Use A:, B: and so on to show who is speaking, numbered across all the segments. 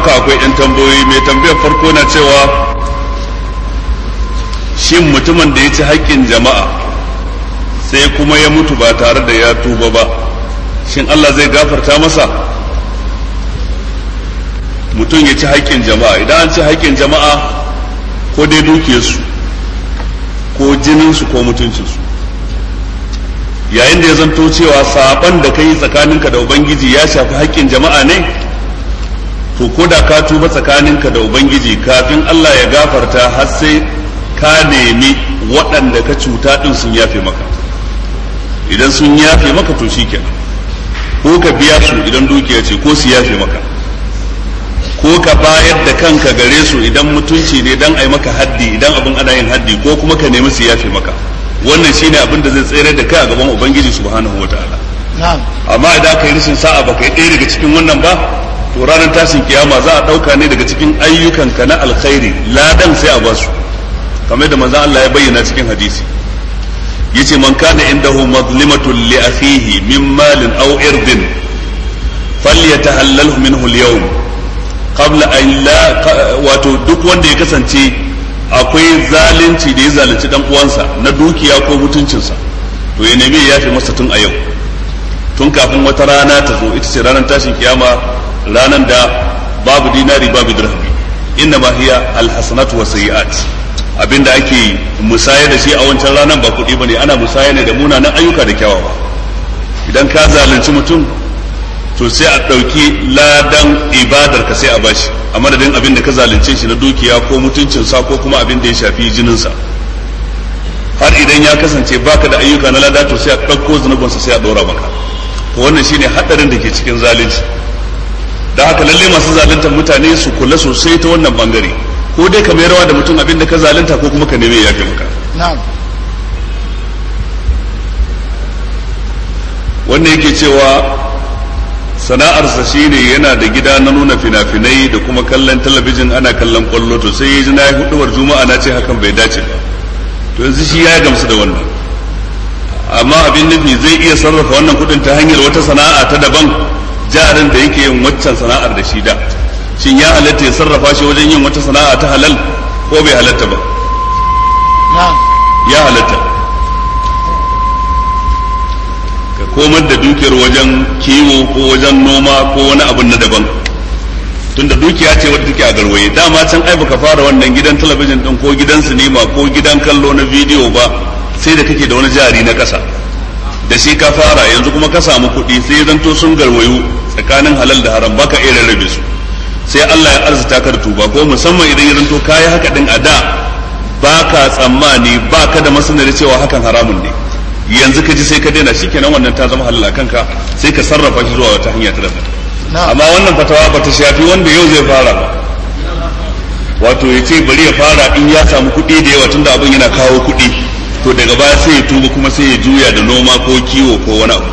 A: haka akwai yan tambayoyi mai tambayar farko na cewa shin mutumin da ya ci haƙƙin jama'a sai kuma ya mutu ba tare da ya tuba ba shin Allah zai gafarta masa mutum ya ci haƙƙin jama'a idan an ci haƙƙin jama'a ko dai su ko jininsu ko mutuncinsu yayin da ya zanto cewa saban da ka yi tsakaninka da ubangiji ya shafi haƙƙin jama'a ne to ko da ka tuba tsakaninka da ubangiji kafin Allah ya gafarta har sai ka nemi waɗanda ka cuta ɗin sun yafe maka idan sun yafe maka to shi kenan ko ka biya su idan dukiya ce ko su yafe maka ko ka bayar da kanka gare su idan mutunci ne dan ai maka haddi idan abin ana yin haddi ko kuma ka nemi su yafe maka wannan shine abin da zai tsere da kai a gaban ubangiji subhanahu wataala amma idan ka yi rashin sa'a baka yi ɗaya daga cikin wannan ba to ranar tashin kiyama za a ɗauka ne daga cikin ayyukanka na alkhairi ladan sai a basu kamar da manzo Allah ya bayyana cikin hadisi yace man kana indahu mazlimatun li akhihi min malin aw irdin falyatahallalhu minhu al qabla an la wato duk wanda ya kasance akwai zalunci da ya zalunci dan uwansa na dukiya ko mutuncinsa to ya nemi ya fi masa tun a yau tun kafin wata rana ta zo ita ce ranar tashin kiyama ranan da babu dinari babu dirhami inna ma hiya alhasanatu wa sayiat abinda ake musaya da shi a wancan ranar ba kuɗi bane ana musaya ne da munanan ayyuka da kyawawa idan ka zalunci mutum to sai a ɗauki ladan ibadar ka sai a bashi a madadin abin da ka zalunce shi na dukiya ko mutuncinsa ko kuma abin da ya shafi jinin sa har idan ya kasance baka da ayyuka na lada to sai a ɗauko sa sai a ɗora maka wannan shine haɗarin da ke cikin zalunci da haka lalle masu zaluntar mutane su kula sosai ta wannan bangare ko dai ka mayarwa da mutum abinda ka zalunta ko kuma ka neme ya fi maka wannan yake cewa sana'arsa shine yana da gida na nuna fina-finai da kuma kallon talabijin ana kallon kwallo to sai ji na huduwar juma'a na ce hakan bai dace ba to yanzu shi ya gamsu da wannan amma abin nufi zai iya sarrafa wannan kudin ta hanyar wata sana'a ta daban jarin da yake yin waccan sana'ar da shi da shin ya halatta ya sarrafa shi wajen yin wata sana'a ta halal ko bai halatta ba ya halatta ka komar da dukiyar wajen kiwo ko wajen noma ko wani abin na daban tunda dukiya ce wadda take a garwaye dama can ai baka fara wannan gidan talabijin din ko gidan sinima ko gidan kallo na bidiyo ba sai da kake da wani jari na ƙasa da shi ka fara yanzu kuma ka samu kuɗi sai zanto sun garwayo tsakanin halal da haram baka iya rarrabe su sai Allah ya arzuta ka da tuba ko musamman idan ya zanto kayi haka din a da baka tsammani baka da masanari cewa hakan haramun ne yanzu ka ji sai ka daina shikenan wannan ta zama halal kanka sai ka sarrafa shi zuwa wata hanya ta daban amma wannan fatawa ba ta shafi wanda yau zai fara ba wato ya ce bari ya fara in ya samu kuɗi da yawa tunda abin yana kawo kuɗi to daga baya sai ya tuba kuma sai ya juya da noma ko kiwo ko wani abu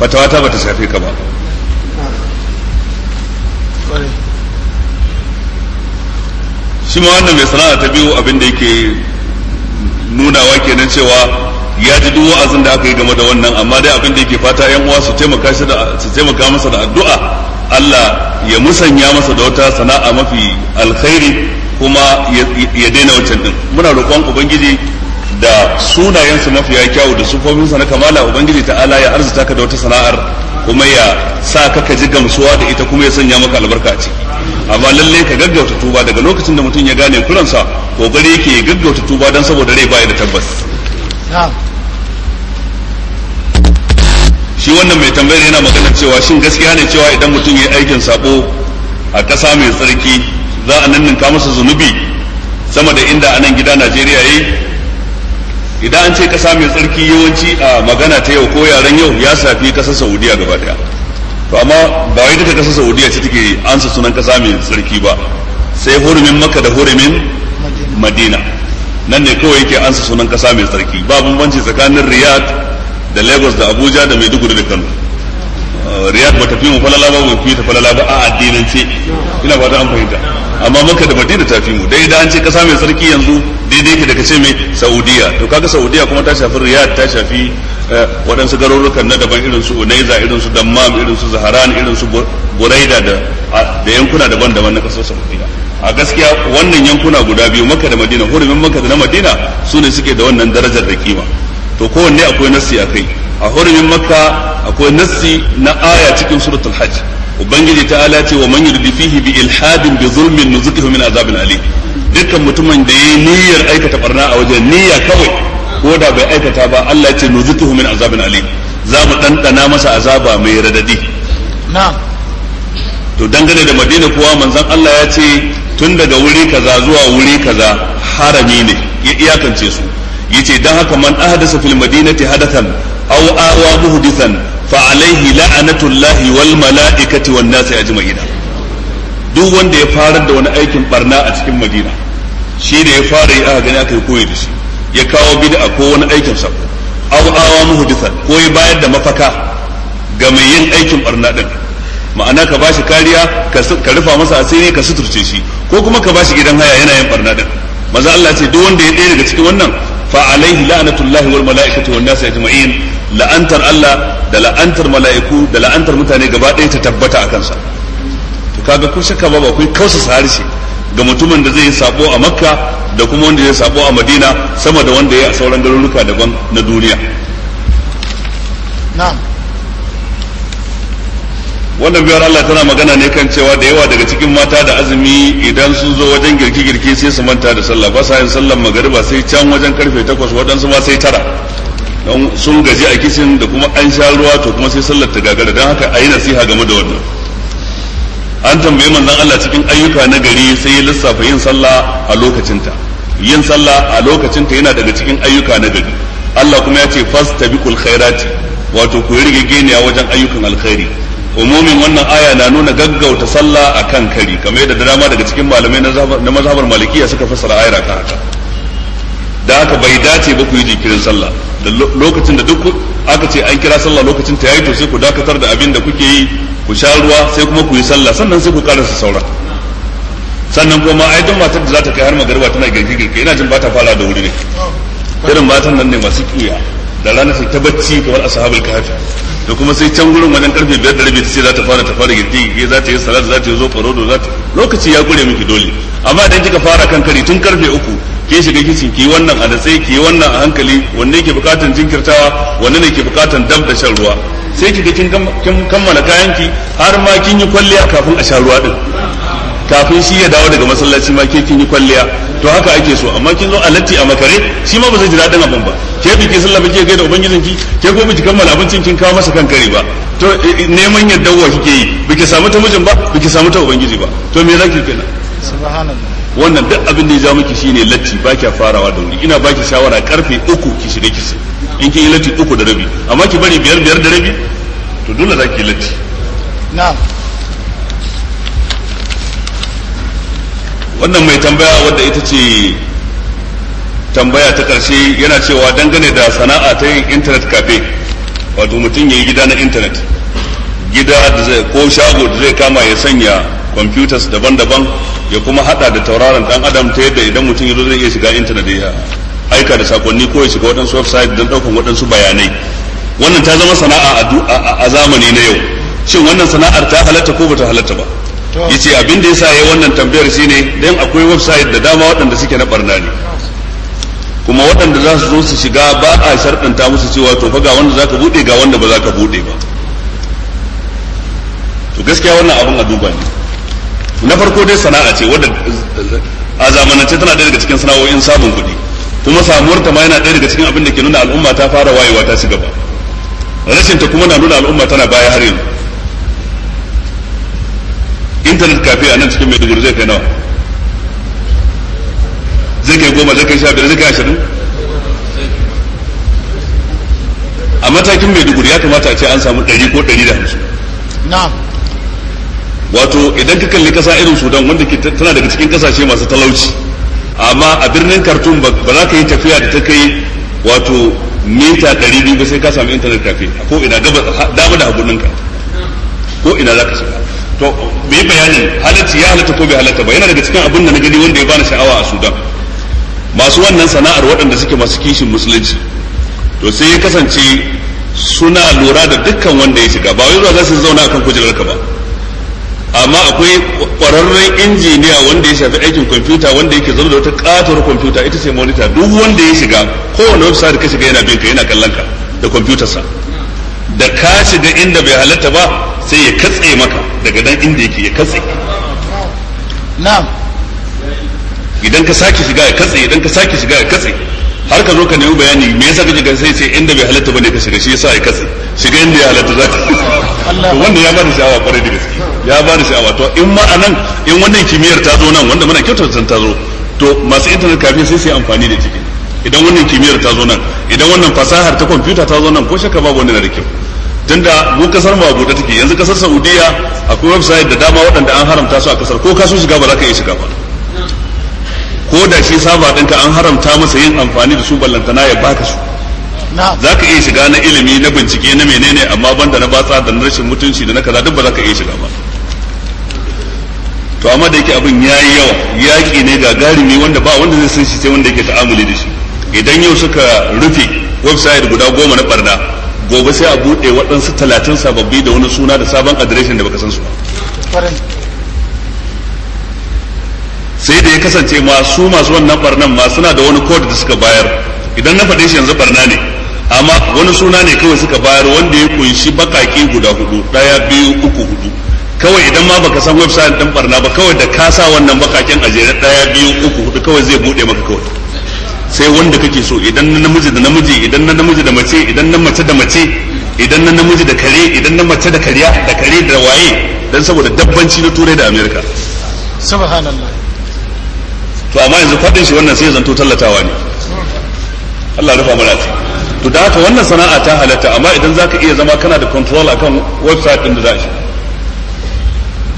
A: fatawa ta bata shafe ka ba shi ma wannan mai sana'a ta biyu abin da yake nunawa kenan cewa ya ji duk wa'azin da aka yi game da wannan amma dai abin da yake fata yan uwa su taimaka su taimaka masa da addu'a Allah ya musanya masa da wata sana'a mafi alkhairi kuma ya daina wancan din muna roƙon ubangiji da sunayensa mafiya kyawu da sufofinsa na kamala ubangiji ala ya arzuta ka da wata sana'ar kuma ya sa ka ka ji gamsuwa da ita kuma ya sanya maka albarka a ciki amma lalle ka gaggauta tuba daga lokacin da mutum ya gane kuransa kokari yake gaggauta tuba dan saboda rai baya da tabbas shi wannan mai tambayar yana magana cewa shin gaskiya ne cewa idan mutum ya yi aikin sabo a kasa mai tsarki za a nan ninka masa zunubi sama da inda anan gida Najeriya yi idan an ce kasa mai tsarki yawanci a magana ta yau ko yaren yau ya safi kasar saudiya gaba daya to amma ba wai duka kasar saudiya ce take ansa sunan kasa mai tsarki ba sai hurumin makka da hurumin madina nan ne kawai yake ansa sunan kasa mai tsarki ba bambanci tsakanin riyadh da lagos da abuja da maiduguri da kano riyad ba tafi mu falala ba mu fi ta falala ba a addinance ina fata an fahimta amma maka da madina ta fi mu dai da an ce kasa mai sarki yanzu daidai ke daga ce mai saudiya to kaga saudiya kuma ta shafi riyad ta shafi eh, waɗansu garurukan na daban irin su unaiza irin su dammam irin su zaharan irin su buraida da da yankuna daban-daban na kasar saudiya a gaskiya wannan yankuna guda biyu maka da madina hurumin maka da na madina su ne suke da wannan darajar da kima to kowanne akwai nasi a kai a hurumin makka akwai nassi na aya cikin suratul hajj ubangiji ta'ala ce wa man yuridu fihi bi ilhadin bi zulmin nuzuqihu min azabin alim dukkan mutumin da yayi niyyar aikata barna a wajen niyya kawai ko da bai aikata ba Allah ya ce nuzuqihu min azabin Ali. za mu dandana masa azaba mai radadi na'am to dangane da madina kuwa manzon Allah ya ce tun daga wuri kaza zuwa wuri kaza harami ne ya iyakance su yace dan haka man ahdasa fil madinati hadathan aw awa محدثا fa alaihi la'anatullahi wal والناس wan nasi ajma'ina duk wanda ya farar da wani aikin barna a cikin madina shi ne ya fara yi aka gani aka yi koyi da shi ya kawo bid'a ko wani aikin sa aw awa muhdisan ko ya bayar da mafaka ga mai yin aikin barna din ma'ana ka bashi kariya ka rufa masa asiri ka suturce shi ko kuma ka bashi gidan haya yana yin barna din maza Allah ce duk wanda ya ɗaya daga cikin wannan fa alaihi la'natullahi wal mala'ikati wan nas ajma'in la'antar Allah da la'antar mala'iku da la'antar mutane gaba ɗaya ta tabbata a kansa to kaga ko shakka ba akwai kausa harshe ga mutumin da zai yi sabo a makka da kuma wanda zai saɓo a madina sama da wanda ya yi a sauran garuruka daban na duniya na'am wannan biyar Allah tana magana ne kan cewa da yawa daga cikin mata da azumi idan sun zo wajen girki-girki sai su manta da sallah ba sa yin sallan magariba sai can wajen karfe takwas waɗansu ma sai tara don sun gaji a kishin da kuma an sha ruwa to kuma sai sallar ta gagara don haka a yi nasiha game da wannan an tambayi manzon Allah cikin ayyuka na gari sai ya lissafa yin sallah a lokacinta yin sallah a lokacinta yana daga cikin ayyuka na gari Allah kuma ya ce fastabiqul khairati wato ku rige geniya wajen ayyukan alkhairi umumin wannan aya na nuna gaggauta sallah a kan kari kamar yadda da dama daga cikin malamai na mazhabar malikiya suka fassara ayar akan haka da haka bai dace ba ku yi jinkirin sallah da lokacin da duk aka ce an kira sallah lokacin ta yayi to sai ku dakatar da abin da kuke yi ku sha ruwa sai kuma ku yi sallah sannan sai ku karasa saura sannan kuma ai duk matar da za ta kai har magariba tana girke-girke ina jin ba ta fara da wuri ne irin matan nan ne masu kiyaye da rana sai ta bacci kamar ashabul kafi da kuma sai can gurin wajen karfe biyar da rabi ta ce za ta fara ta fara girki ke za ta yi salatu za ta yi zo farodo za ta lokaci ya gure miki dole amma idan kika fara kan kari tun karfe uku ke shiga kicin ki wannan a natsayi ki wannan a hankali wanne ke bukatan jinkirtawa wanne ne ke bukatan dab da shan ruwa sai kika kin kammala kayan ki har ma kin yi kwalliya kafin a sha ruwa din kafin shi ya dawo daga masallaci ma ke kin yi kwalliya to haka ake so amma kin zo a latti a makare shi ma ba zai ji daɗin abin ba ke bi ke sallah kike gaida ubangijin ki ke ko biki kammala abincin kin kawo masa kan kare ba to neman yadda wa kike yi biki samu ta mijin ba biki samu ta ubangiji ba to me zaki kenan subhanallah wannan duk abin da ya ja miki shine latti ba kya farawa da wuri ina baki shawara karfe uku ki shiga su in kin yi latti uku da rabi amma ki bari biyar biyar da rabi to dole zaki latti na'am wannan mai tambaya wadda ita ce tambaya ta ƙarshe yana cewa dangane da sana'a ta yin intanet cafe wato mutum ya yi gida na intanet gida da zai ko shago da zai kama ya sanya computers daban-daban ya kuma hada da tauraron dan adam ta yadda idan mutum ya zo zai iya shiga intanet ya aika da sakonni ko ya shiga waɗansu website don ɗaukan waɗansu bayanai wannan ta zama sana'a a zamani na yau shin wannan sana'ar ta halatta ko bata halatta ba yace abin da yasa yayi wannan tambayar shine dan akwai website da dama waɗanda suke na barna ne kuma waɗanda za su zo su shiga ba a sharɗanta musu cewa to fa ga wanda zaka bude ga wanda ba zaka bude ba to gaskiya wannan abin a duba ne na farko dai sana'a ce wadda a zamanance tana ɗaya daga cikin sana'o'in sabon kuɗi kuma samuwar ta ma yana daya daga cikin abin da ke nuna al'umma ta fara wayewa ta ci gaba rashin ta kuma na nuna al'umma tana baya har yanzu internet cafe a nan cikin maiduguri zai kai nawa zai kai goma zai kai sha biyar zai kai ashirin a matakin maiduguri ya kamata a ce an samu ɗari ko ɗari da hamsin wato idan ka kalli kasa irin sudan wanda tana daga cikin kasashe masu talauci amma a birnin khartoum ba za ka yi tafiya da ta kai wato mita ɗari biyu ba sai ka sami intanet kafi ko ina dama da haguninka ko ina za ka shiga to me bayanin halatti ya halatta ko bai halatta ba yana daga cikin abin da na gani wanda ya bani sha'awa a Sudan masu wannan sana'ar waɗanda suke masu kishin musulunci to sai ya kasance suna lura da dukkan wanda ya shiga ba wai zuwa za su zauna akan kujerar ka ba amma akwai ƙwararren injiniya wanda ya shafi aikin kwamfuta wanda yake zama da wata katar kwamfuta ita ce monitor duk wanda ya shiga kowane website ka shiga yana bin ka yana kallon ka da kwamfutarsa sa da ka shiga inda bai halatta ba sai ya katse maka daga dan inda yake ya katse na'am idan ka sake shiga ya katse idan ka sake shiga ya katse har ka zo ka nemi bayani me yasa kake gan sai sai inda bai halatta bane ka shiga shi yasa ya katse shiga inda ya halatta za to wannan ya bani sha'awa kwarai da gaske ya bani sha'awa to in ma anan in wannan kimiyyar ta zo nan wanda muna kyautar san ta zo to masu internet kafin sai sai amfani da ciki idan wannan kimiyyar ta zo nan idan wannan fasahar ta kwamfuta ta zo nan ko shakka babu wanda na da kyau tunda mu kasar mu abuɗe take yanzu kasar Saudiya akwai website da dama waɗanda an haramta su a kasar ko ka so shiga ba za ka iya shiga ba ko da shi saba ɗinka an haramta masa yin amfani da su ballantana ya baka su za ka iya shiga na ilimi na bincike na menene amma banda na batsa da rashin mutunci da na kaza duk ba za ka iya shiga ba to amma da yake abin ya yi yawa yaƙi ne gagarumi wanda ba wanda zai san shi sai wanda yake ta'amuli da shi idan yau suka rufe website guda goma na barna gobe sai a buɗe waɗansu talatin sababbi da wani suna da sabon adireshin da baka san su sai da ya kasance masu masu wannan barnan ma suna da wani kod da suka bayar idan na faɗe shi yanzu barna ne amma wani suna ne kawai suka bayar wanda ya kunshi bakaki guda hudu ɗaya biyu uku hudu kawai idan ma baka san website din barna ba kawai da ka sa wannan bakakin a jere ɗaya biyu uku hudu kawai zai buɗe maka kawai sai wanda kake so idan na namiji da namiji idan na namiji da mace idan na mace da mace idan na namiji da kare idan na mace da kariya da kare da waye dan saboda dabbanci na turai da amerika subhanallah to amma yanzu fadin shi wannan sai zanto tallatawa ne Allah rufa mana to da haka wannan sana'a ta halatta amma idan zaka iya zama kana da control akan website din da za shi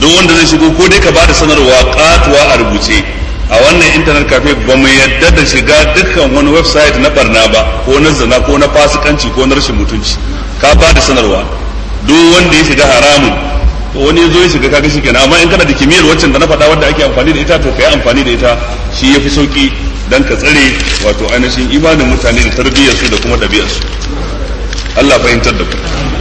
A: duk wanda zai shigo ko dai ka bada sanarwa katuwa a rubuce a wannan internet cafe ba mu yadda da shiga dukkan wani website na barna ba ko na zina ko na fasikanci ko na rashin mutunci ka ba da sanarwa duk wanda ya shiga haramun to wani ya zo ya shiga kaga shikenan amma in kana da kimiyyar waccan da na faɗa wadda ake amfani da ita to kai amfani da ita shi yafi sauki dan ka tsare wato ainihin imanin mutane da su da kuma su Allah fahimtar da ku